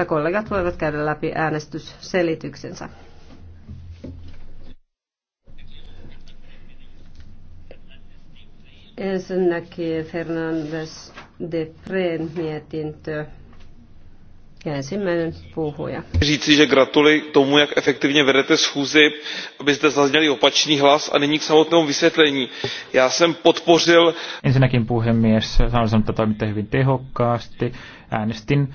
jotta kollegat voivat käydä läpi äänestysselityksensä. Ensinnäkin Fernandes de Preen mietintö. Ja ensimmäinen puhuja. Říci, že gratuli tomu, jak efektivně vedete schůzi, abyste zde zazněli opačný hlas a nyní k samotnému vysvětlení. Já jsem podpořil... Ensinnäkin puhemies, sanoisin, että toimitte hyvin tehokkaasti. Äänestin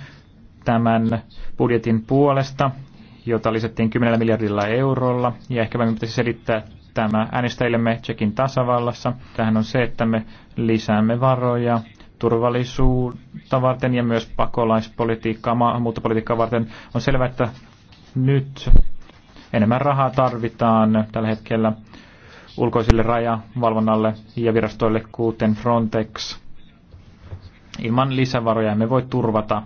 tämän budjetin puolesta, jota lisättiin 10 miljardilla eurolla. Ja ehkä me pitäisi selittää tämä äänestäjillemme Tsekin tasavallassa. Tähän on se, että me lisäämme varoja turvallisuutta varten ja myös pakolaispolitiikkaa, maahanmuuttopolitiikkaa varten. On selvää, että nyt enemmän rahaa tarvitaan tällä hetkellä ulkoisille rajavalvonnalle ja virastoille, kuten Frontex. Ilman lisävaroja emme voi turvata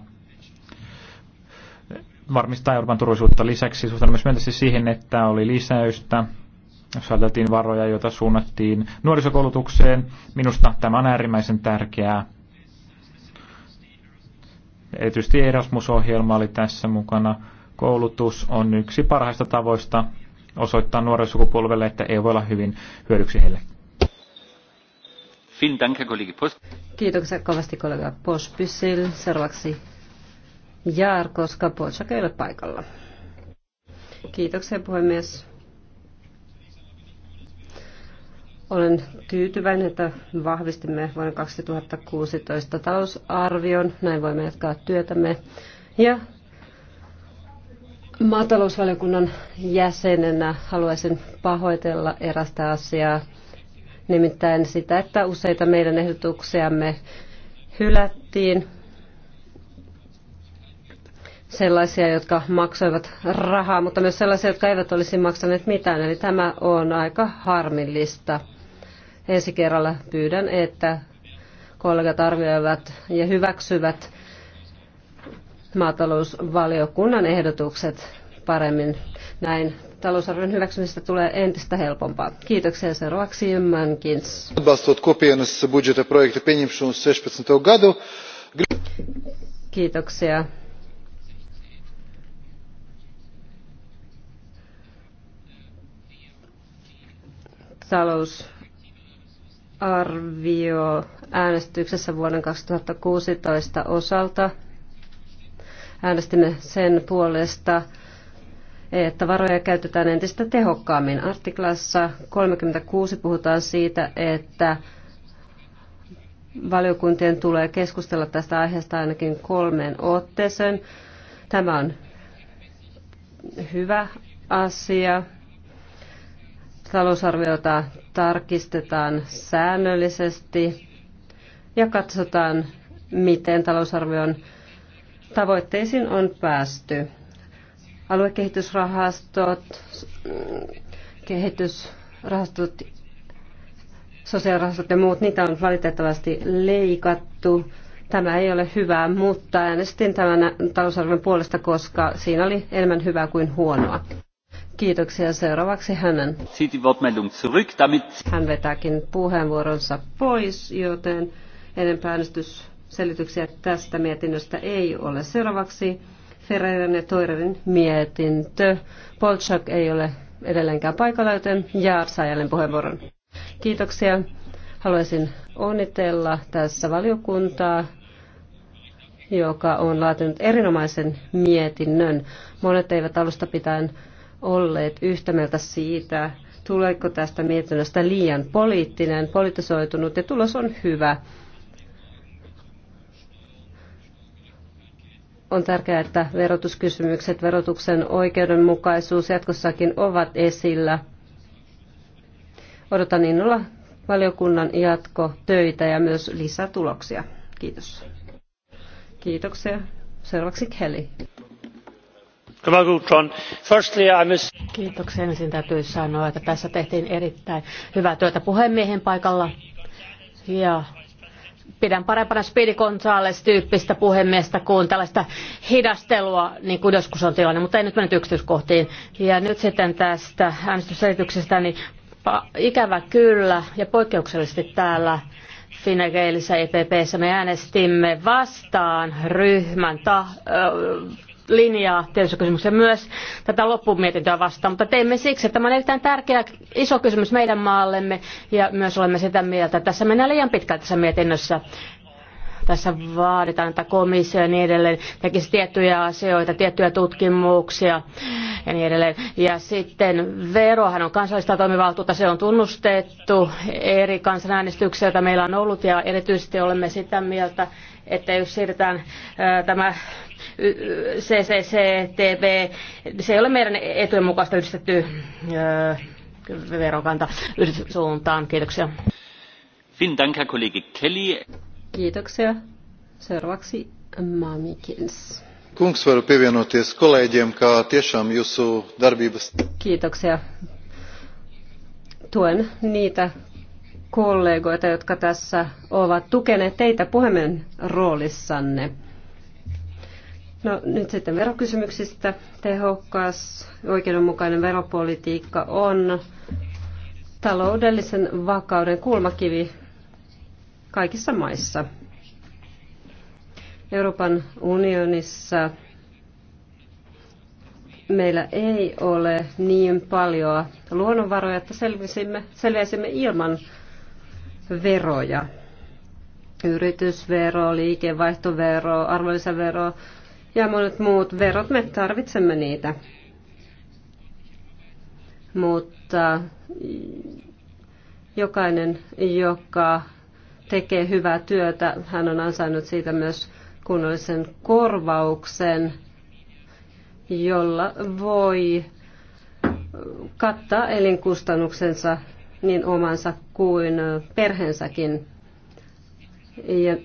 varmistaa Euroopan turvallisuutta. Lisäksi Suhtaan myös myönteisesti siihen, että oli lisäystä, jos ajateltiin varoja, joita suunnattiin nuorisokoulutukseen. Minusta tämä on äärimmäisen tärkeää. Erityisesti Erasmus-ohjelma oli tässä mukana. Koulutus on yksi parhaista tavoista osoittaa nuorelle sukupolvelle, että ei voi olla hyvin hyödyksi heille. Kiitoksia kovasti kollega Pospysil. Seuraavaksi Jaar, koska Polsak ei ole paikalla. Kiitoksia puhemies. Olen tyytyväinen, että vahvistimme vuoden 2016 talousarvion. Näin voimme jatkaa työtämme. Ja maatalousvaliokunnan jäsenenä haluaisin pahoitella erästä asiaa, nimittäin sitä, että useita meidän ehdotuksiamme hylättiin sellaisia, jotka maksoivat rahaa, mutta myös sellaisia, jotka eivät olisi maksaneet mitään. Eli tämä on aika harmillista. Ensi kerralla pyydän, että kollegat arvioivat ja hyväksyvät maatalousvaliokunnan ehdotukset paremmin. Näin talousarvion hyväksymistä tulee entistä helpompaa. Kiitoksia seuraavaksi Jymmänkins. Kiitoksia. talousarvio äänestyksessä vuoden 2016 osalta. Äänestimme sen puolesta, että varoja käytetään entistä tehokkaammin. Artiklassa 36 puhutaan siitä, että valiokuntien tulee keskustella tästä aiheesta ainakin kolmeen otteeseen. Tämä on hyvä asia. Talousarviota tarkistetaan säännöllisesti ja katsotaan, miten talousarvion tavoitteisiin on päästy. Aluekehitysrahastot, kehitysrahastot, sosiaalirahastot ja muut, niitä on valitettavasti leikattu. Tämä ei ole hyvää, mutta äänestin tämän talousarvion puolesta, koska siinä oli enemmän hyvää kuin huonoa. Kiitoksia. Seuraavaksi hänen. Hän vetääkin puheenvuoronsa pois, joten enempää äänestysselityksiä tästä mietinnöstä ei ole. Seuraavaksi Ferreiren ja Toirerin mietintö. Polchak ei ole edelleenkään paikalla, joten Jaar saa jälleen puheenvuoron. Kiitoksia. Haluaisin onnitella tässä valiokuntaa joka on laatinut erinomaisen mietinnön. Monet eivät alusta pitäen olleet yhtä mieltä siitä, tuleeko tästä mietinnöstä liian poliittinen, politisoitunut ja tulos on hyvä. On tärkeää, että verotuskysymykset, verotuksen oikeudenmukaisuus jatkossakin ovat esillä. Odotan innolla valiokunnan jatko töitä ja myös lisätuloksia. Kiitos. Kiitoksia. Seuraavaksi Kelly. Kiitoksia. Ensin täytyy sanoa, että tässä tehtiin erittäin hyvää työtä puhemiehen paikalla. Ja pidän parempana Speedy Gonzales-tyyppistä puhemiestä kuin tällaista hidastelua, niin kuin joskus on tilanne, mutta ei nyt mennyt yksityiskohtiin. Ja nyt sitten tästä äänestysselityksestä, niin ikävä kyllä ja poikkeuksellisesti täällä Finnegeilissä EPPssä me äänestimme vastaan ryhmän ta- linjaa työllisyyskysymyksiä myös tätä loppumietintöä vastaan, mutta teemme siksi, että tämä on erittäin tärkeä iso kysymys meidän maallemme ja myös olemme sitä mieltä, että tässä mennään liian pitkään tässä mietinnössä. Tässä vaaditaan, että komissio ja niin edelleen tekisi tiettyjä asioita, tiettyjä tutkimuksia ja niin edelleen. Ja sitten verohan on kansallista toimivaltuutta, se on tunnustettu eri kansanäänestyksiä, joita meillä on ollut ja erityisesti olemme sitä mieltä, että jos siirretään tämä CCCTV, se ei ole meidän etujen mukaista yhdistetty verokanta suuntaan. Kiitoksia. Dank, Herr Kollege Kelly. Kiitoksia. Seuraavaksi Mamikins. Kungs varu pievienoties kolēģiem, kā tiešām jūsu darbības. Kiitoksia. Tuen niitä kollegoita, jotka tässä ovat tukeneet teitä puhemen roolissanne. No nyt sitten verokysymyksistä. Tehokas, oikeudenmukainen veropolitiikka on taloudellisen vakauden kulmakivi kaikissa maissa. Euroopan unionissa meillä ei ole niin paljon luonnonvaroja, että selviäisimme, selviäisimme ilman veroja. Yritysvero, liikevaihtovero, arvonlisävero, ja monet muut verot, me tarvitsemme niitä. Mutta jokainen, joka tekee hyvää työtä, hän on ansainnut siitä myös kunnollisen korvauksen, jolla voi kattaa elinkustannuksensa niin omansa kuin perheensäkin. Ja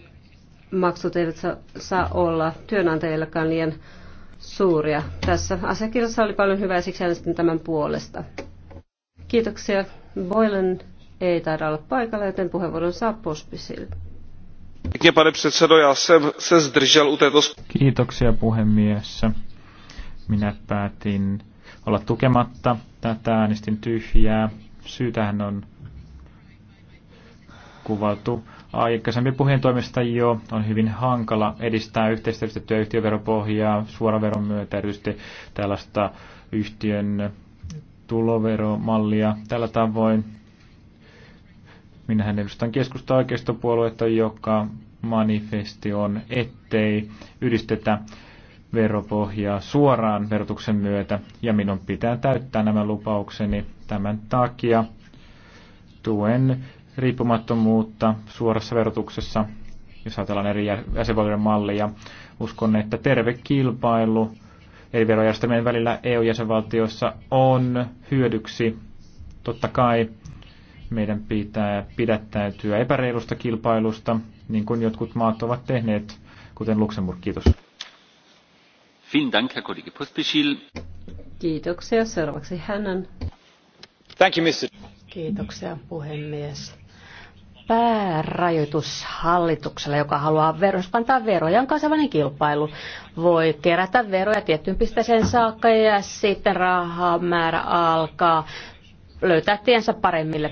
maksut eivät saa olla työnantajillekaan liian suuria. Tässä asiakirjassa oli paljon hyvää, siksi äänestin tämän puolesta. Kiitoksia. Boylan ei taida olla paikalla, joten puheenvuoron saa Pospisille. se Kiitoksia puhemies. Minä päätin olla tukematta tätä, äänestin tyhjää. Syytähän on kuvattu aikaisempi puheen toimesta jo on hyvin hankala edistää yhteistyöstettyä yhtiöveropohjaa suoraveron myötä erityisesti tällaista yhtiön tuloveromallia tällä tavoin. Minähän edustan keskusta oikeistopuoluetta, joka manifesti on, ettei yhdistetä veropohjaa suoraan verotuksen myötä, ja minun pitää täyttää nämä lupaukseni tämän takia. Tuen riippumattomuutta suorassa verotuksessa, jos ajatellaan eri jäsenvaltioiden mallia. Uskon, että terve kilpailu eri verojärjestelmien välillä EU-jäsenvaltioissa on hyödyksi. Totta kai meidän pitää pidättäytyä epäreilusta kilpailusta, niin kuin jotkut maat ovat tehneet, kuten Luxemburg. Kiitos. Kiitoksia. Seuraavaksi hänen. Thank you, Mr. Kiitoksia puhemies päärajoitus hallitukselle, joka haluaa verospantaa veroja, on kansainvälinen kilpailu. Voi kerätä veroja tiettyyn pisteeseen saakka ja sitten rahamäärä alkaa löytää tiensä paremmille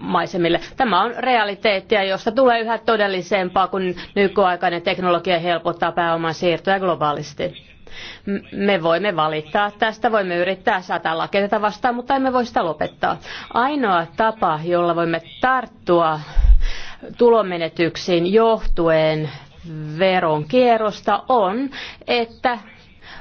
maisemille. Tämä on realiteettia, josta tulee yhä todellisempaa, kun nykyaikainen teknologia helpottaa pääoman siirtoja globaalisti me voimme valittaa tästä, voimme yrittää säätää lakeja tätä vastaan, mutta emme voi sitä lopettaa. Ainoa tapa, jolla voimme tarttua tulomenetyksiin johtuen veronkierrosta on, että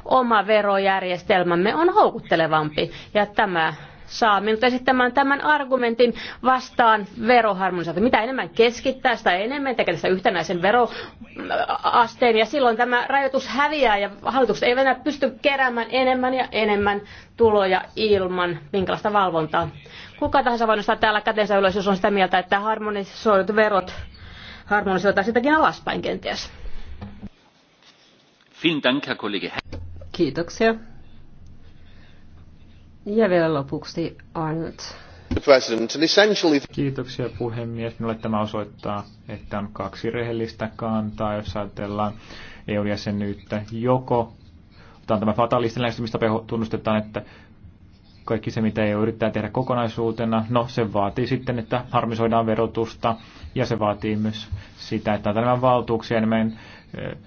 oma verojärjestelmämme on houkuttelevampi. Ja tämä saa minut esittämään tämän argumentin vastaan veroharmonisaatio. Mitä enemmän keskittää, sitä enemmän tekee tästä yhtenäisen veroasteen ja silloin tämä rajoitus häviää ja hallitukset eivät enää pysty keräämään enemmän ja enemmän tuloja ilman minkälaista valvontaa. Kuka tahansa voi nostaa täällä kätensä ylös, jos on sitä mieltä, että harmonisoidut verot harmonisoidaan sitäkin alaspäin kenties. Kiitoksia. Ja vielä lopuksi Arnold. Kiitoksia puhemies. Minulle tämä osoittaa, että on kaksi rehellistä kantaa, jos ajatellaan EU-jäsenyyttä. Joko tämä on tämä fatalistinen lähestymistapa, tunnustetaan, että kaikki se, mitä EU yrittää tehdä kokonaisuutena, no se vaatii sitten, että harmisoidaan verotusta ja se vaatii myös sitä, että antaa enemmän valtuuksia enemmän eh,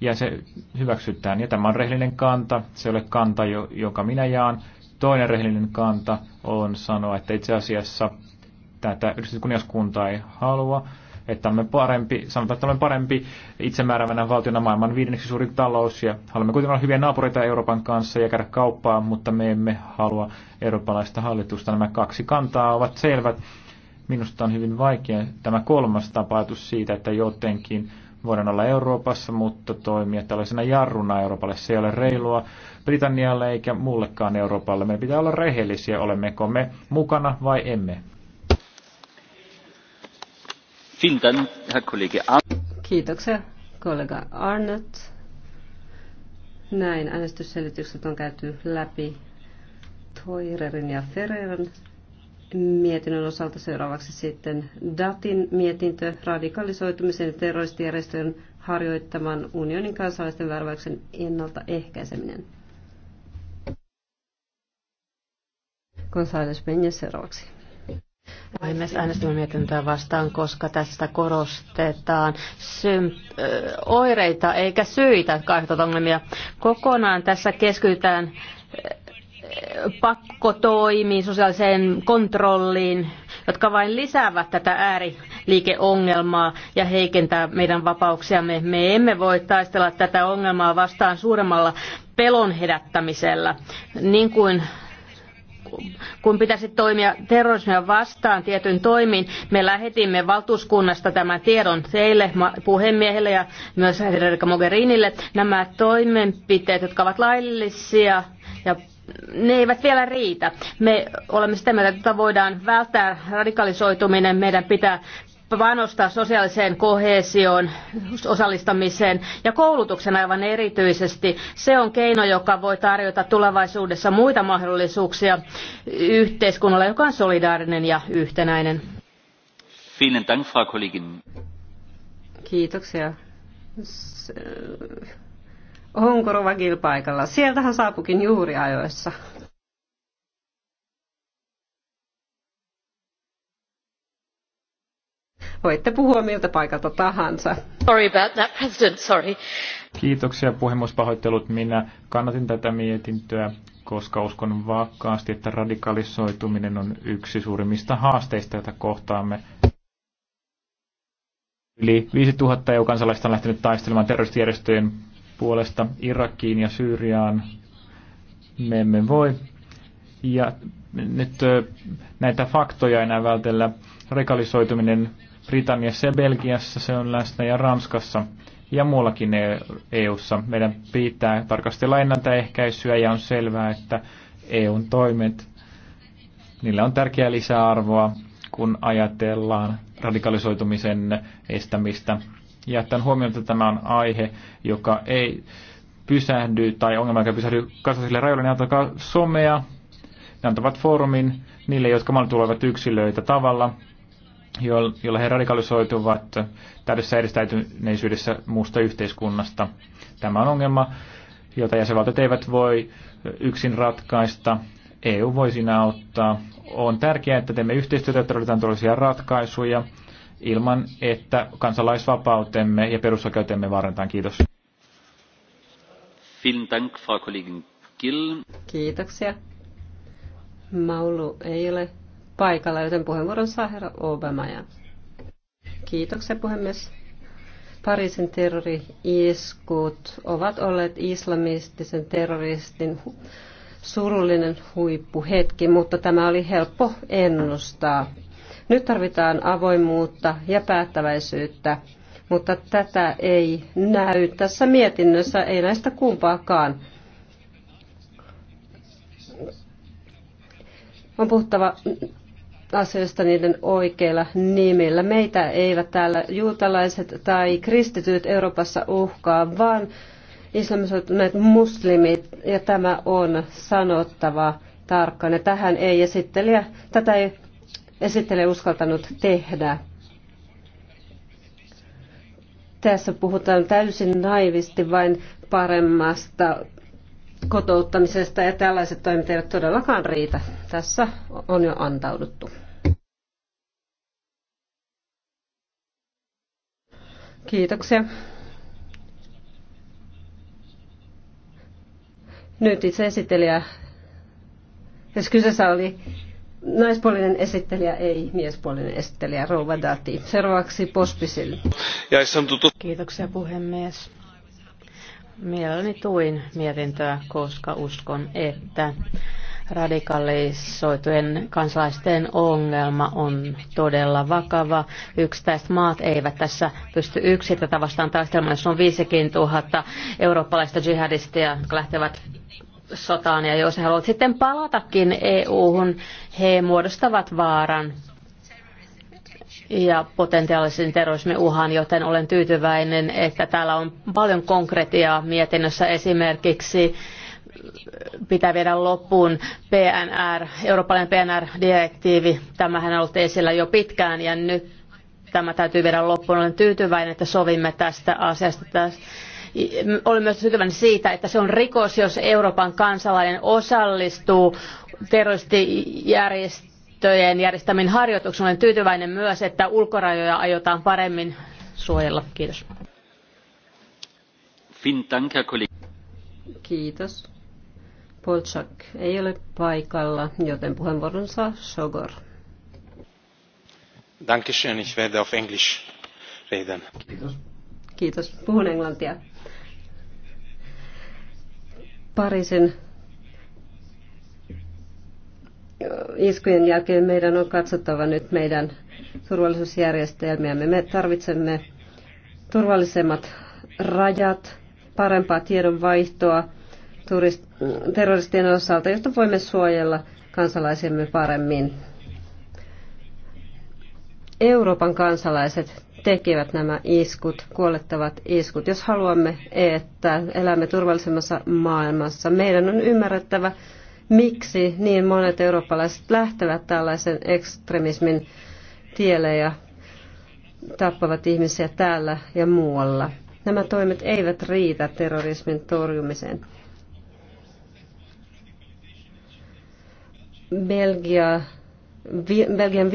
ja se hyväksytään. Ja tämä on rehellinen kanta, se ei ole kanta, joka minä jaan. Toinen rehellinen kanta on sanoa, että itse asiassa tätä yhdistetty ei halua, että olemme parempi, sanotaan, että olemme parempi itsemääräävänä valtiona maailman viidenneksi suurin talous ja haluamme kuitenkin olla hyviä naapureita Euroopan kanssa ja käydä kauppaa, mutta me emme halua eurooppalaista hallitusta. Nämä kaksi kantaa ovat selvät. Minusta on hyvin vaikea tämä kolmas tapatus siitä, että jotenkin Voidaan olla Euroopassa, mutta toimia tällaisena jarruna Euroopalle. Se ei ole reilua Britannialle eikä muullekaan Euroopalle. Meidän pitää olla rehellisiä, olemmeko me mukana vai emme. Kiitoksia, kollega Arnott. Näin äänestysselitykset on käyty läpi Toirerin ja Ferreran mietinnön osalta seuraavaksi sitten Datin mietintö radikalisoitumisen ja terroristijärjestöjen harjoittaman unionin kansalaisten värväyksen ennaltaehkäiseminen. González Peña seuraavaksi. Puhemies äänestämme mietintöä vastaan, koska tässä korostetaan oireita eikä syitä kaihtotongelmia. Kokonaan tässä keskitytään pakkotoimiin, sosiaaliseen kontrolliin, jotka vain lisäävät tätä ääriliikeongelmaa ja heikentää meidän vapauksiamme. Me emme voi taistella tätä ongelmaa vastaan suuremmalla pelon herättämisellä, niin kuin kun pitäisi toimia terrorismia vastaan tietyn toimin, me lähetimme valtuuskunnasta tämän tiedon teille, puhemiehelle ja myös Federica Mogherinille. Nämä toimenpiteet, jotka ovat laillisia ja ne eivät vielä riitä. Me olemme sitä mieltä, että voidaan välttää radikalisoituminen. Meidän pitää panostaa sosiaaliseen kohesioon osallistamiseen ja koulutuksen aivan erityisesti. Se on keino, joka voi tarjota tulevaisuudessa muita mahdollisuuksia yhteiskunnalle, joka on solidaarinen ja yhtenäinen. Vielen Dank, Frau Kollegin. Kiitoksia. Onko Rova paikalla? Sieltähän saapukin juuri ajoissa. Voitte puhua miltä paikalta tahansa. Sorry about that, President, sorry. Kiitoksia puhemuspahoittelut. Minä kannatin tätä mietintöä, koska uskon vakaasti, että radikalisoituminen on yksi suurimmista haasteista, joita kohtaamme Yli 5000 EU-kansalaista on lähtenyt taistelemaan terroristijärjestöjen puolesta Irakiin ja Syyriaan me emme voi. Ja nyt näitä faktoja enää vältellä. Rekalisoituminen Britanniassa ja Belgiassa se on läsnä ja Ranskassa ja muuallakin EU-ssa. E Meidän pitää tarkastella ennaltaehkäisyä ja on selvää, että EUn toimet, niillä on tärkeää lisäarvoa, kun ajatellaan radikalisoitumisen estämistä ja tämän huomioon, että tämä on aihe, joka ei pysähdy tai ongelma, joka pysähdy kasvaisille rajoille, niin antakaa somea, ne antavat foorumin niille, jotka tulevat yksilöitä tavalla, jolla he radikalisoituvat täydessä edistäytyneisyydessä muusta yhteiskunnasta. Tämä on ongelma, jota jäsenvaltiot eivät voi yksin ratkaista. EU voi siinä auttaa. On tärkeää, että teemme yhteistyötä, että ratkaisuja, ilman, että kansalaisvapautemme ja perusoikeutemme vaarantaa. Kiitos. Kiitoksia. Maulu ei ole paikalla, joten puheenvuoron saa herra Obama. Ja... Kiitoksia puhemies. Pariisin terrori-iskut ovat olleet islamistisen terroristin surullinen huippuhetki, mutta tämä oli helppo ennustaa. Nyt tarvitaan avoimuutta ja päättäväisyyttä, mutta tätä ei näy tässä mietinnössä, ei näistä kumpaakaan. On puhuttava asioista niiden oikeilla nimillä. Meitä eivät täällä juutalaiset tai kristityt Euroopassa uhkaa, vaan islamisoituneet muslimit, ja tämä on sanottava tarkkaan. Ja tähän ei esittelijä, tätä ei Esittele uskaltanut tehdä. Tässä puhutaan täysin naivisti vain paremmasta kotouttamisesta ja tällaiset toimet eivät todellakaan riitä. Tässä on jo antauduttu. Kiitoksia. Nyt itse esittelijä, jos kyseessä oli naispuolinen esittelijä, ei miespuolinen esittelijä, Rouva Dati. Seuraavaksi Pospisil. Kiitoksia puhemies. Mielelläni tuin mietintöä, koska uskon, että radikalisoitujen kansalaisten ongelma on todella vakava. Yksittäiset maat eivät tässä pysty yksin tätä vastaan taistelemaan, jos on 50 000 eurooppalaista jihadistia, jotka lähtevät sotaan ja jos he haluavat sitten palatakin EU-hun, he muodostavat vaaran ja potentiaalisen terrorismin uhan, joten olen tyytyväinen, että täällä on paljon konkretiaa mietinnössä esimerkiksi pitää viedä loppuun PNR, Euroopan PNR-direktiivi. Tämähän on ollut esillä jo pitkään ja nyt tämä täytyy viedä loppuun. Olen tyytyväinen, että sovimme tästä asiasta. Tästä olen myös tyytyväinen siitä, että se on rikos, jos Euroopan kansalainen osallistuu terroristijärjestöjen järjestämiin harjoituksiin. Olen tyytyväinen myös, että ulkorajoja aiotaan paremmin suojella. Kiitos. Kiitos. Polchak ei ole paikalla, joten puheenvuoron saa Sogor. Dankeschön, ich werde auf Englisch reden. Kiitos. Kiitos. Puhun englantia. Pariisin iskujen jälkeen meidän on katsottava nyt meidän turvallisuusjärjestelmiämme. Me tarvitsemme turvallisemmat rajat, parempaa tiedonvaihtoa terroristien osalta, jotta voimme suojella kansalaisemme paremmin. Euroopan kansalaiset tekevät nämä iskut, kuolettavat iskut. Jos haluamme, että elämme turvallisemmassa maailmassa, meidän on ymmärrettävä, miksi niin monet eurooppalaiset lähtevät tällaisen ekstremismin tielle ja tappavat ihmisiä täällä ja muualla. Nämä toimet eivät riitä terrorismin torjumiseen. Belgia Belgian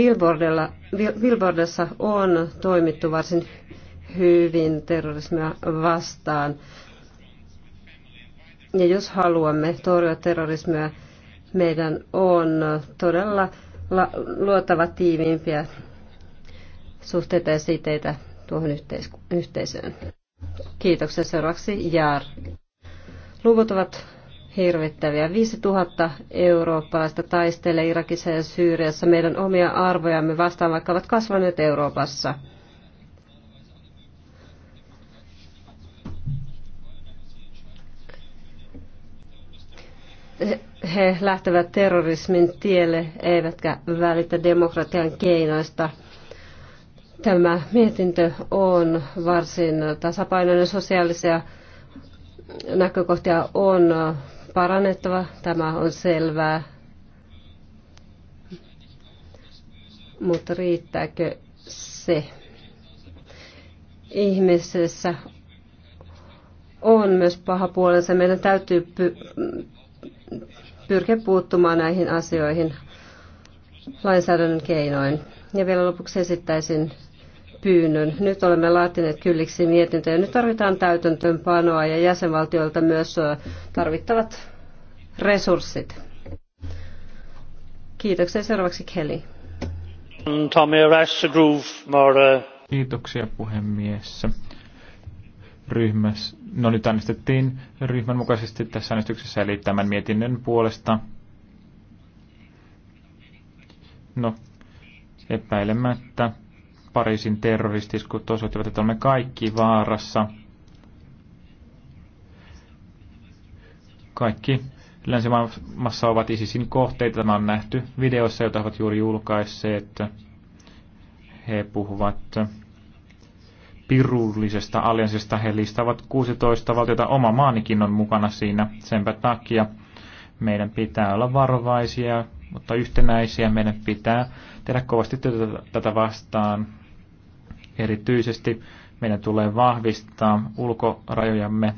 Billboardissa on toimittu varsin hyvin terrorismia vastaan. Ja jos haluamme torjua terrorismia, meidän on todella luotava tiiviimpiä suhteita ja siteitä tuohon yhteisöön. Kiitoksia seuraavaksi Jaar. Luvut ovat hirvittäviä. 5000 eurooppalaista taistelee Irakissa ja Syyriassa meidän omia arvojamme vastaan, vaikka ovat kasvaneet Euroopassa. He lähtevät terrorismin tielle, eivätkä välitä demokratian keinoista. Tämä mietintö on varsin tasapainoinen sosiaalisia näkökohtia on parannettava, tämä on selvää. Mutta riittääkö se? Ihmisessä on myös paha puolensa. Meidän täytyy pyrkiä puuttumaan näihin asioihin lainsäädännön keinoin. Ja vielä lopuksi esittäisin pyynnön. Nyt olemme laatineet kylliksi ja Nyt tarvitaan täytäntöönpanoa ja jäsenvaltioilta myös tarvittavat resurssit. Kiitoksia. Seuraavaksi Kelly. Uh, Kiitoksia puhemies. Ryhmässä, no nyt äänestettiin ryhmän mukaisesti tässä äänestyksessä, eli tämän mietinnön puolesta. No, epäilemättä Pariisin terroristiskut osoittivat, että olemme kaikki vaarassa. Kaikki länsimaassa ovat ISISin kohteita. Tämä on nähty videoissa, joita ovat juuri julkaisseet. He puhuvat pirullisesta allianssista. He listaavat 16 valtiota. Oma maanikin on mukana siinä. Senpä takia meidän pitää olla varovaisia, mutta yhtenäisiä. Meidän pitää tehdä kovasti työtä tätä vastaan. Erityisesti meidän tulee vahvistaa ulkorajojamme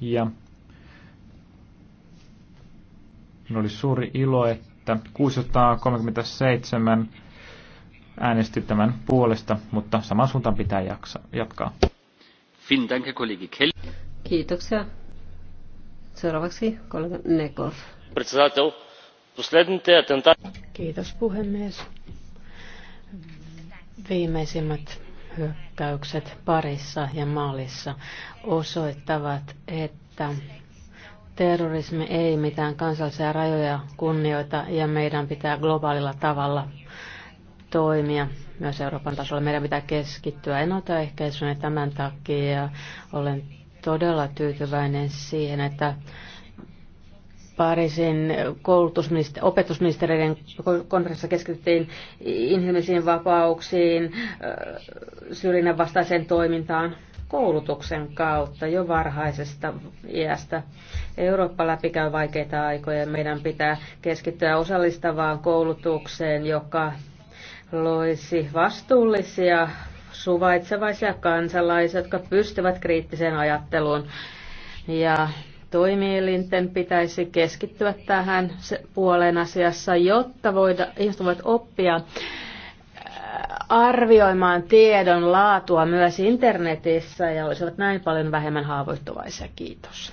ja Minulla oli suuri ilo, että 637 äänesti tämän puolesta, mutta saman suuntaan pitää jaksa, jatkaa. Kiitoksia. Seuraavaksi kollega Nekov. Kiitos puhemies. Viimeisimmät hyökkäykset parissa ja maalissa osoittavat, että terrorismi ei mitään kansallisia rajoja kunnioita ja meidän pitää globaalilla tavalla toimia myös Euroopan tasolla. Meidän pitää keskittyä ennaltaehkäisyyn ja tämän takia olen todella tyytyväinen siihen, että Pariisin opetusministeriöiden konferenssissa keskityttiin inhimillisiin vapauksiin, äh, syrjinnän vastaiseen toimintaan koulutuksen kautta jo varhaisesta iästä. Eurooppa läpikäy vaikeita aikoja ja meidän pitää keskittyä osallistavaan koulutukseen, joka loisi vastuullisia, suvaitsevaisia kansalaisia, jotka pystyvät kriittiseen ajatteluun ja Toimielinten pitäisi keskittyä tähän puoleen asiassa, jotta voida, ihmiset voivat oppia äh, arvioimaan tiedon laatua myös internetissä ja olisivat näin paljon vähemmän haavoittuvaisia. Kiitos.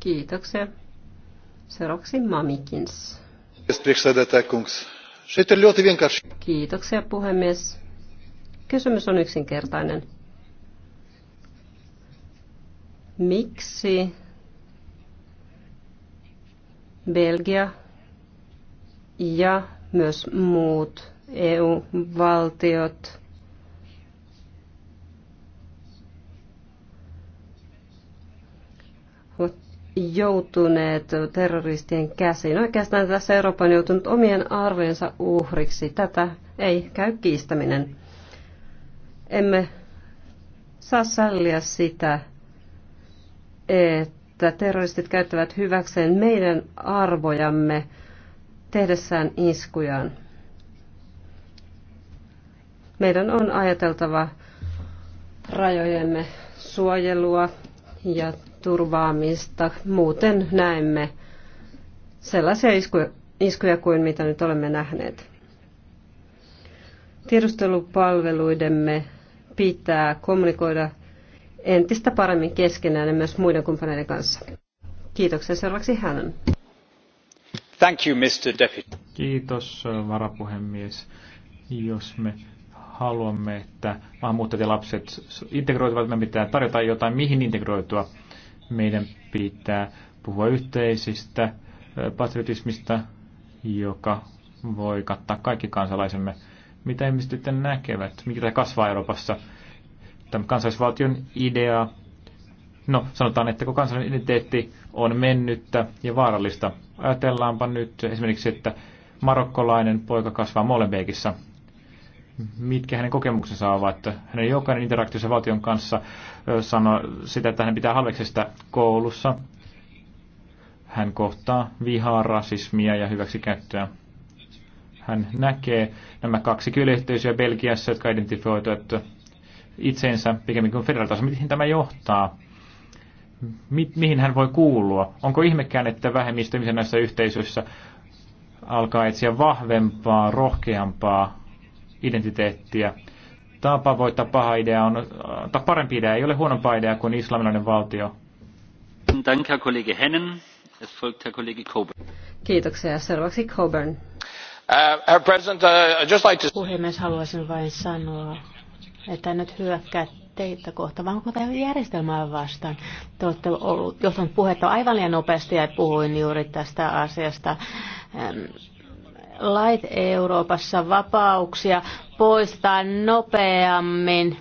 Kiitoksia. Seuraavaksi Mamikins. Kiitoksia puhemies. Kysymys on yksinkertainen miksi Belgia ja myös muut EU-valtiot ovat joutuneet terroristien käsiin. Oikeastaan tässä Eurooppa on joutunut omien arvojensa uhriksi. Tätä ei käy kiistäminen. Emme saa sallia sitä, että terroristit käyttävät hyväkseen meidän arvojamme tehdessään iskujaan. Meidän on ajateltava rajojemme suojelua ja turvaamista. Muuten näemme sellaisia iskuja, iskuja kuin mitä nyt olemme nähneet. Tiedustelupalveluidemme pitää kommunikoida entistä paremmin keskenään ja myös muiden kumppaneiden kanssa. Kiitoksia. Seuraavaksi Hannon. Thank you, Mr. Deputy. Kiitos, varapuhemies. Jos me haluamme, että maahanmuuttajat ja lapset integroituvat, meidän pitää tarjota jotain, mihin integroitua. Meidän pitää puhua yhteisistä patriotismista, joka voi kattaa kaikki kansalaisemme. Mitä ihmiset sitten näkevät? Mitä kasvaa Euroopassa? tämän kansallisvaltion ideaa. No, sanotaan, että kun kansallinen identiteetti on mennyttä ja vaarallista, ajatellaanpa nyt esimerkiksi, että marokkolainen poika kasvaa Molenbeekissa. Mitkä hänen kokemuksensa ovat? Hänen jokainen interaktiossa valtion kanssa sanoo sitä, että hän pitää halveksesta koulussa. Hän kohtaa vihaa, rasismia ja hyväksikäyttöä hän näkee nämä kaksi kyläyhteisöä Belgiassa, jotka identifioituvat itseensä pikemmin kuin federaalitasolla. Mihin tämä johtaa? Mi- mihin hän voi kuulua? Onko ihmekään, että vähemmistö näissä yhteisöissä alkaa etsiä vahvempaa, rohkeampaa identiteettiä? Tapa voittaa paha idea on, tai parempi idea ei ole huonompaa idea kuin islamilainen valtio. Hennen. Es folgt Herr Kollege Coburn. Kiitoksia. Seuraavaksi Coburn. Uh, Herr President, uh, just like to... Puhemies, haluaisin vain sanoa, että nyt hyökkää teitä kohta, vaan tämä järjestelmää vastaan. Te olette ollut, johtanut puhetta aivan liian nopeasti ja puhuin juuri tästä asiasta. Lait Euroopassa vapauksia poistaa nopeammin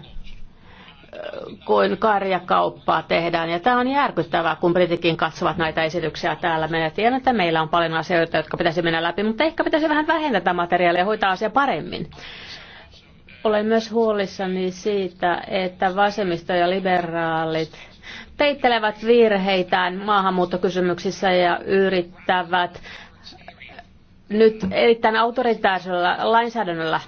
kuin karjakauppaa tehdään. Ja tämä on järkyttävää, kun Britikin katsovat näitä esityksiä täällä. Minä tiedän, että meillä on paljon asioita, jotka pitäisi mennä läpi, mutta ehkä pitäisi vähän vähentää tätä materiaalia ja hoitaa asia paremmin. Olen myös huolissani siitä, että vasemmisto ja liberaalit peittelevät virheitään maahanmuuttokysymyksissä ja yrittävät nyt erittäin autoritaarisella lainsäädännöllä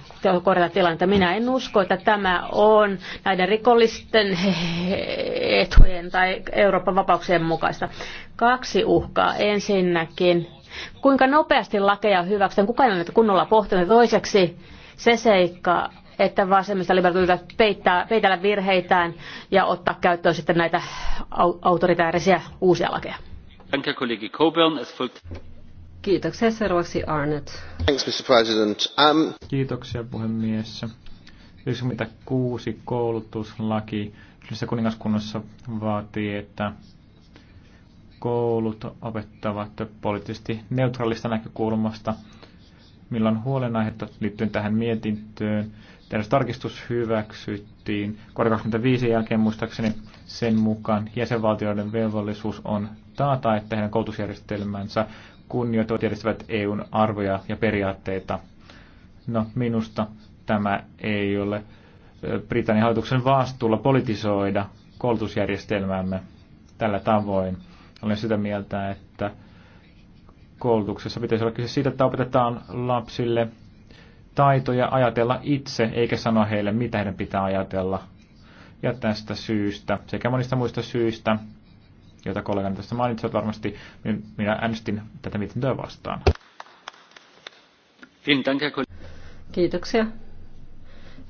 korjata tilannetta. Minä en usko, että tämä on näiden rikollisten etujen tai Euroopan vapauksien mukaista. Kaksi uhkaa. Ensinnäkin, kuinka nopeasti lakeja hyväksytään, kukaan ei ole kunnolla pohtinut. Toiseksi se seikka, että vasemmista liberaalit peittää, peitellä virheitään ja ottaa käyttöön sitten näitä autoritäärisiä uusia lakeja. Kiitoksia. Seuraavaksi Arnett. Thanks, Mr. President. Um... Kiitoksia puhemies. 96 koulutuslaki missä kuningaskunnassa vaatii, että koulut opettavat poliittisesti neutraalista näkökulmasta, milloin huolenaihetta liittyen tähän mietintöön tarkistus hyväksyttiin kohdan 25 jälkeen muistaakseni sen mukaan jäsenvaltioiden velvollisuus on taata, että heidän koulutusjärjestelmänsä kunnioittavat järjestävät EUn arvoja ja periaatteita. No, minusta tämä ei ole Britannian hallituksen vastuulla politisoida koulutusjärjestelmäämme tällä tavoin. Olen sitä mieltä, että koulutuksessa pitäisi olla kyse siitä, että opetetaan lapsille taitoja ajatella itse, eikä sanoa heille, mitä heidän pitää ajatella. Ja tästä syystä, sekä monista muista syistä, joita kollegani tässä mainitsivat varmasti, niin minä äänestin tätä mietintöä vastaan. Kiitoksia.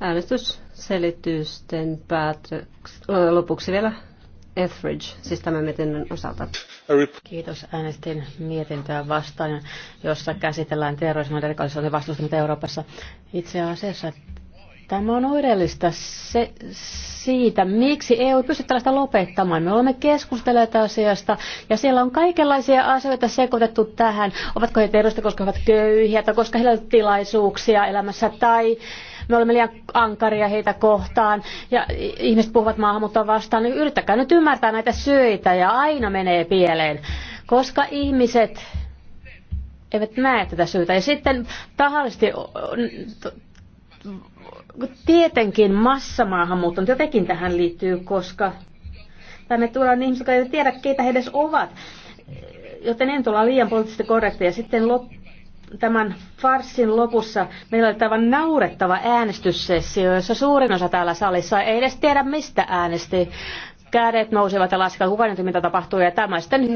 Äänestysselitysten päätö... lopuksi vielä Etheridge, siis tämän mietinnön osalta. Kiitos. Äänestin mietintöä vastaan, jossa käsitellään terrorismin ja rikollisuuden vastustamista Euroopassa. Itse asiassa Tämä on oireellista se, siitä, miksi EU ei pysty tällaista lopettamaan. Me olemme keskustelleet asiasta ja siellä on kaikenlaisia asioita sekoitettu tähän. Ovatko he terrorista, koska he ovat köyhiä tai koska heillä on tilaisuuksia elämässä tai me olemme liian ankaria heitä kohtaan ja ihmiset puhuvat maahanmuuttoa vastaan, niin yrittäkää nyt ymmärtää näitä syitä ja aina menee pieleen, koska ihmiset eivät näe tätä syytä. Ja sitten tahallisesti tietenkin massamaahanmuutto jotenkin tähän liittyy, koska tänne tullaan ihmisiä, jotka eivät tiedä, keitä he edes ovat. Joten en tulla liian poliittisesti ja Sitten lop- tämän farsin lopussa meillä oli tämä naurettava äänestyssessio, jossa suurin osa täällä salissa ei edes tiedä mistä äänesti. Kädet nousivat ja laskivat, kuka nyt mitä tapahtuu ja tämä sitten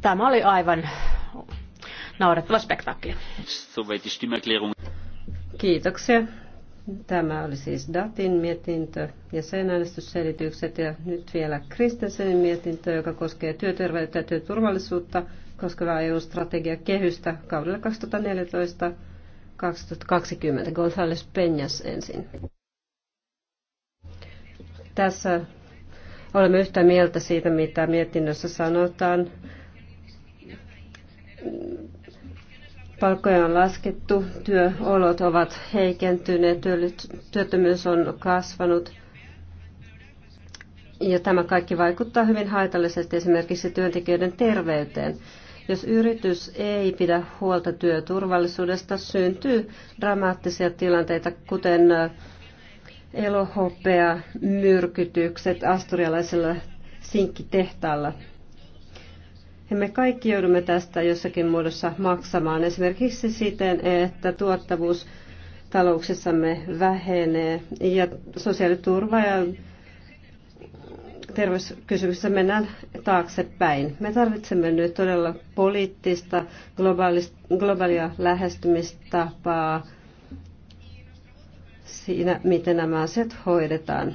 tämä oli aivan naurettava spektaakli. Kiitoksia. Tämä oli siis Datin mietintö ja sen äänestysselitykset ja nyt vielä Kristensenin mietintö, joka koskee työterveyttä ja työturvallisuutta koskevaa EU-strategiakehystä kaudella 2014-2020. González Peñas ensin. Tässä olemme yhtä mieltä siitä, mitä mietinnössä sanotaan. Palkkoja on laskettu, työolot ovat heikentyneet, työttömyys on kasvanut. Ja tämä kaikki vaikuttaa hyvin haitallisesti esimerkiksi työntekijöiden terveyteen. Jos yritys ei pidä huolta työturvallisuudesta, syntyy dramaattisia tilanteita, kuten elohopea, myrkytykset asturialaisella sinkkitehtaalla. Ja me kaikki joudumme tästä jossakin muodossa maksamaan, esimerkiksi siten, että tuottavuus talouksissamme vähenee ja sosiaaliturva ja terveyskysymyksessä mennään taaksepäin. Me tarvitsemme nyt todella poliittista, globaalia lähestymistapaa siinä, miten nämä asiat hoidetaan.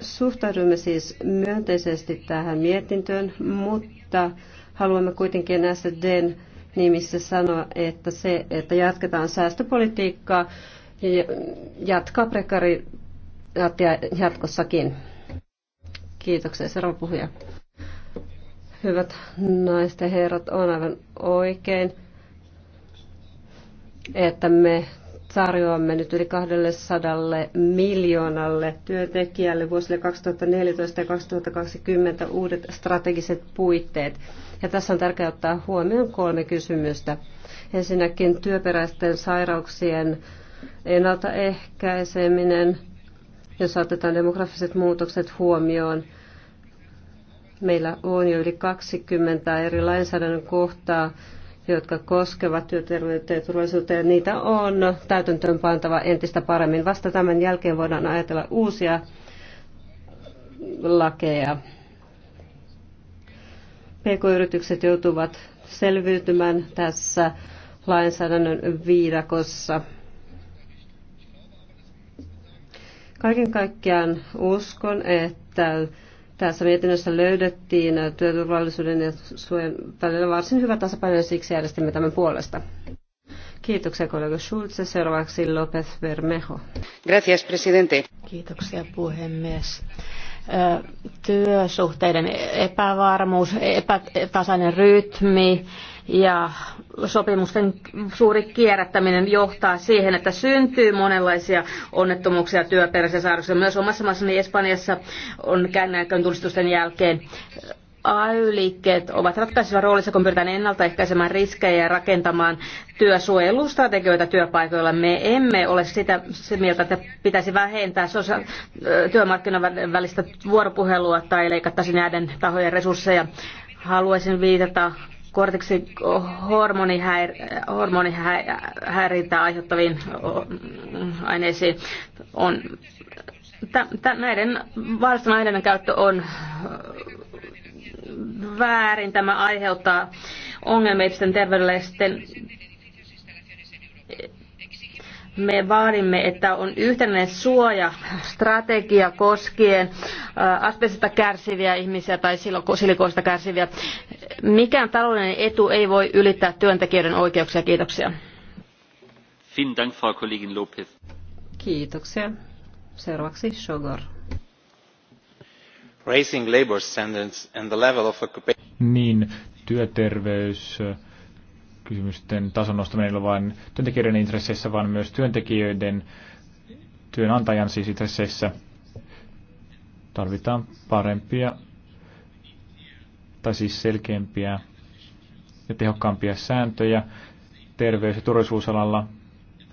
Suhtaudumme siis myönteisesti tähän mietintöön, mutta haluamme kuitenkin näissä den nimissä sanoa, että se, että jatketaan säästöpolitiikkaa, jatkaa prekari jatkossakin. Kiitoksia, seuraava puhuja. Hyvät naiset ja herrat, on aivan oikein, että me tarjoamme nyt yli 200 miljoonalle työntekijälle vuosille 2014 ja 2020 uudet strategiset puitteet. Ja tässä on tärkeää ottaa huomioon kolme kysymystä. Ensinnäkin työperäisten sairauksien ennaltaehkäiseminen, jos otetaan demografiset muutokset huomioon. Meillä on jo yli 20 eri lainsäädännön kohtaa, jotka koskevat työterveyttä ja turvallisuutta, ja niitä on täytäntöön pantava entistä paremmin. Vasta tämän jälkeen voidaan ajatella uusia lakeja. PK-yritykset joutuvat selviytymään tässä lainsäädännön viidakossa. Kaiken kaikkiaan uskon, että tässä mietinnössä löydettiin työturvallisuuden ja suojan välillä varsin hyvä tasapaino ja siksi järjestimme tämän puolesta. Kiitoksia kollega Schulze. Seuraavaksi López Vermejo. Gracias, presidente. Kiitoksia puhemies työsuhteiden epävarmuus, epätasainen rytmi, ja sopimusten suuri kierrättäminen johtaa siihen, että syntyy monenlaisia onnettomuuksia työperäisen sairauksia. Myös omassa maassani Espanjassa on käännäköön tulistusten jälkeen AY-liikkeet ovat ratkaiseva roolissa, kun pyritään ennaltaehkäisemään riskejä ja rakentamaan työsuojelustrategioita työpaikoilla. Me emme ole sitä, sitä mieltä, että pitäisi vähentää sosia- työmarkkinoiden välistä vuoropuhelua tai leikattaisiin näiden tahojen resursseja. Haluaisin viitata kortiksi hormonihäir- hormonihäirintää aiheuttaviin aineisiin on näiden vaarallisten aineiden käyttö on väärin. Tämä aiheuttaa ongelmia ihmisten terveydelle ja sitten me vaadimme, että on yhtenäinen suoja strategia koskien äh, asbestista kärsiviä ihmisiä tai silikoista kärsiviä. Mikään taloudellinen etu ei voi ylittää työntekijöiden oikeuksia. Kiitoksia. Kiitoksia. Seuraavaksi Shogor. Raising labor standards and the level of occupation. Niin, työterveys kysymysten tason nostaminen ei ole vain työntekijöiden intresseissä, vaan myös työntekijöiden, työnantajan siis intresseissä. Tarvitaan parempia tai siis selkeämpiä ja tehokkaampia sääntöjä terveys- ja turvallisuusalalla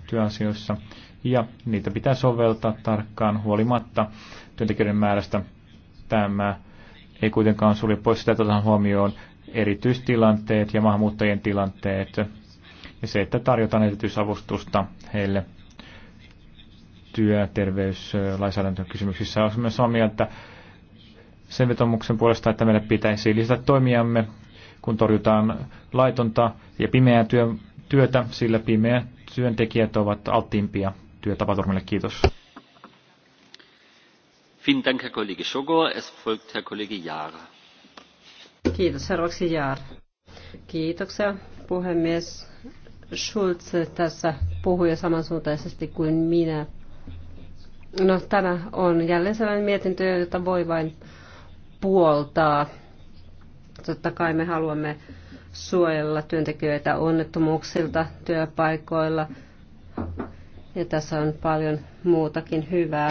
työasioissa. Ja niitä pitää soveltaa tarkkaan huolimatta työntekijöiden määrästä. Tämä ei kuitenkaan sulje pois sitä, että otetaan huomioon erityistilanteet ja maahanmuuttajien tilanteet ja se, että tarjotaan erityisavustusta heille työ- terveyslainsäädäntön kysymyksissä. Olemme samaa mieltä sen vetomuksen puolesta, että meidän pitäisi lisätä toimiamme, kun torjutaan laitonta ja pimeää työ, työtä, sillä pimeät työntekijät ovat alttiimpia työtapaturmille. Kiitos. Vielen Dank, Herr Kollege Schogor. Es folgt Herr Kollege Jara. Kiitos, seuraavaksi Jaar. Kiitoksia, puhemies. Schulz tässä puhui samansuuntaisesti kuin minä. No, tämä on jälleen sellainen mietintö, jota voi vain puoltaa. Totta kai me haluamme suojella työntekijöitä onnettomuuksilta työpaikoilla. Ja tässä on paljon muutakin hyvää.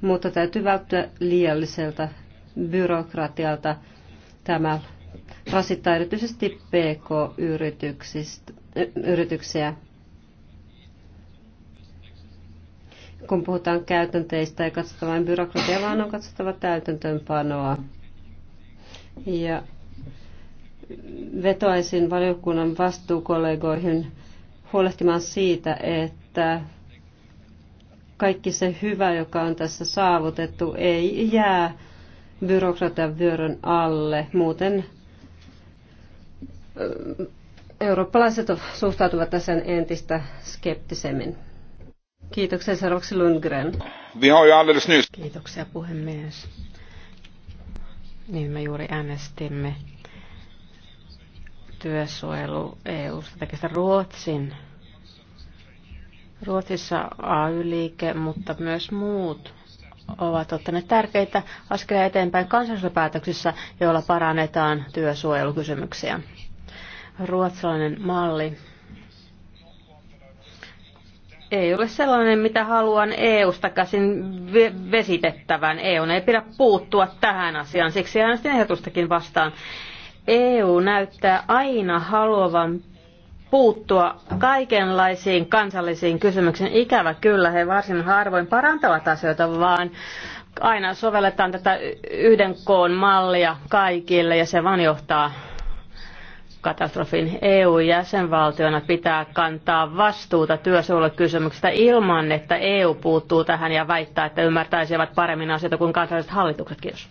Mutta täytyy välttyä liialliselta byrokratialta Tämä rasittaa erityisesti PK-yrityksiä. Eh, Kun puhutaan käytänteistä, ei katsota vain byrokratiaa, vaan on katsottava täytäntöönpanoa. Ja vetoaisin valiokunnan vastuukollegoihin huolehtimaan siitä, että kaikki se hyvä, joka on tässä saavutettu, ei jää byrokratian vyörön alle. Muuten eurooppalaiset suhtautuvat tässä entistä skeptisemmin. Kiitoksia seuraavaksi Lundgren. Vi har ju alldeles nyss. Kiitoksia puhemies. Niin me juuri äänestimme työsuojelu EU-strategista Ruotsin. Ruotsissa AY-liike, mutta myös muut ovat ottaneet tärkeitä askelia eteenpäin kansallisissa päätöksissä, joilla parannetaan työsuojelukysymyksiä. Ruotsalainen malli ei ole sellainen, mitä haluan EU-sta käsin vesitettävän. EU ei pidä puuttua tähän asiaan, siksi äänestin ehdotustakin vastaan. EU näyttää aina haluavan puuttua kaikenlaisiin kansallisiin kysymyksiin. Ikävä kyllä, he varsin harvoin parantavat asioita, vaan aina sovelletaan tätä yhden koon mallia kaikille ja se vaan johtaa katastrofin EU-jäsenvaltiona pitää kantaa vastuuta työsuojelukysymyksestä ilman, että EU puuttuu tähän ja väittää, että ymmärtäisivät paremmin asioita kuin kansalliset hallitukset. Kiitos.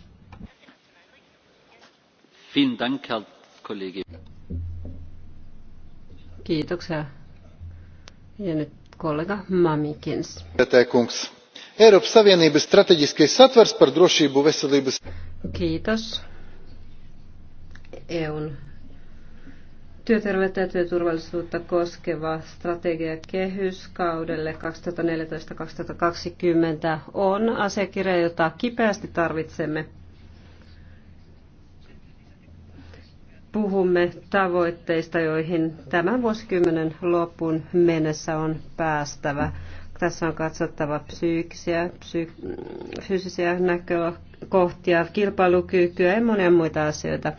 Kiitoksia. Ja nyt kollega Mamikins. Eiropas Savienības strateģiskais satvers par drošību veselības. Kiitos. EUn työterveyttä ja työturvallisuutta koskeva strategiakehys kaudelle 2014-2020 on asiakirja, jota kipeästi tarvitsemme. puhumme tavoitteista, joihin tämän vuosikymmenen lopun mennessä on päästävä. Tässä on katsottava psyykkisiä, psy- fyysisiä näkökohtia, kilpailukykyä ja monia muita asioita.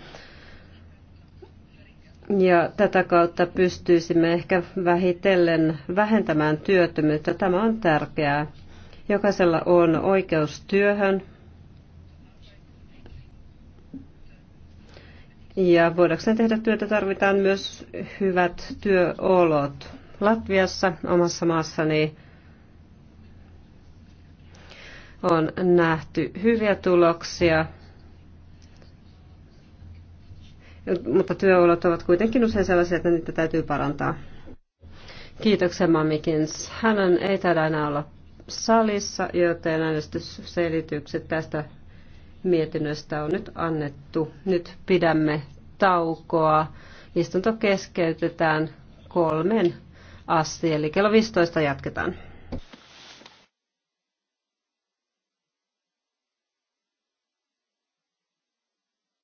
Ja tätä kautta pystyisimme ehkä vähitellen vähentämään työttömyyttä. Tämä on tärkeää. Jokaisella on oikeus työhön, Ja voidakseen tehdä työtä tarvitaan myös hyvät työolot. Latviassa, omassa maassani, on nähty hyviä tuloksia, mutta työolot ovat kuitenkin usein sellaisia, että niitä täytyy parantaa. Kiitoksia Mamikins. Hän on, ei taida enää olla salissa, joten äänestysselitykset tästä mietinnöstä on nyt annettu. Nyt pidämme taukoa. Istunto keskeytetään kolmen asti, eli kello 15 jatketaan.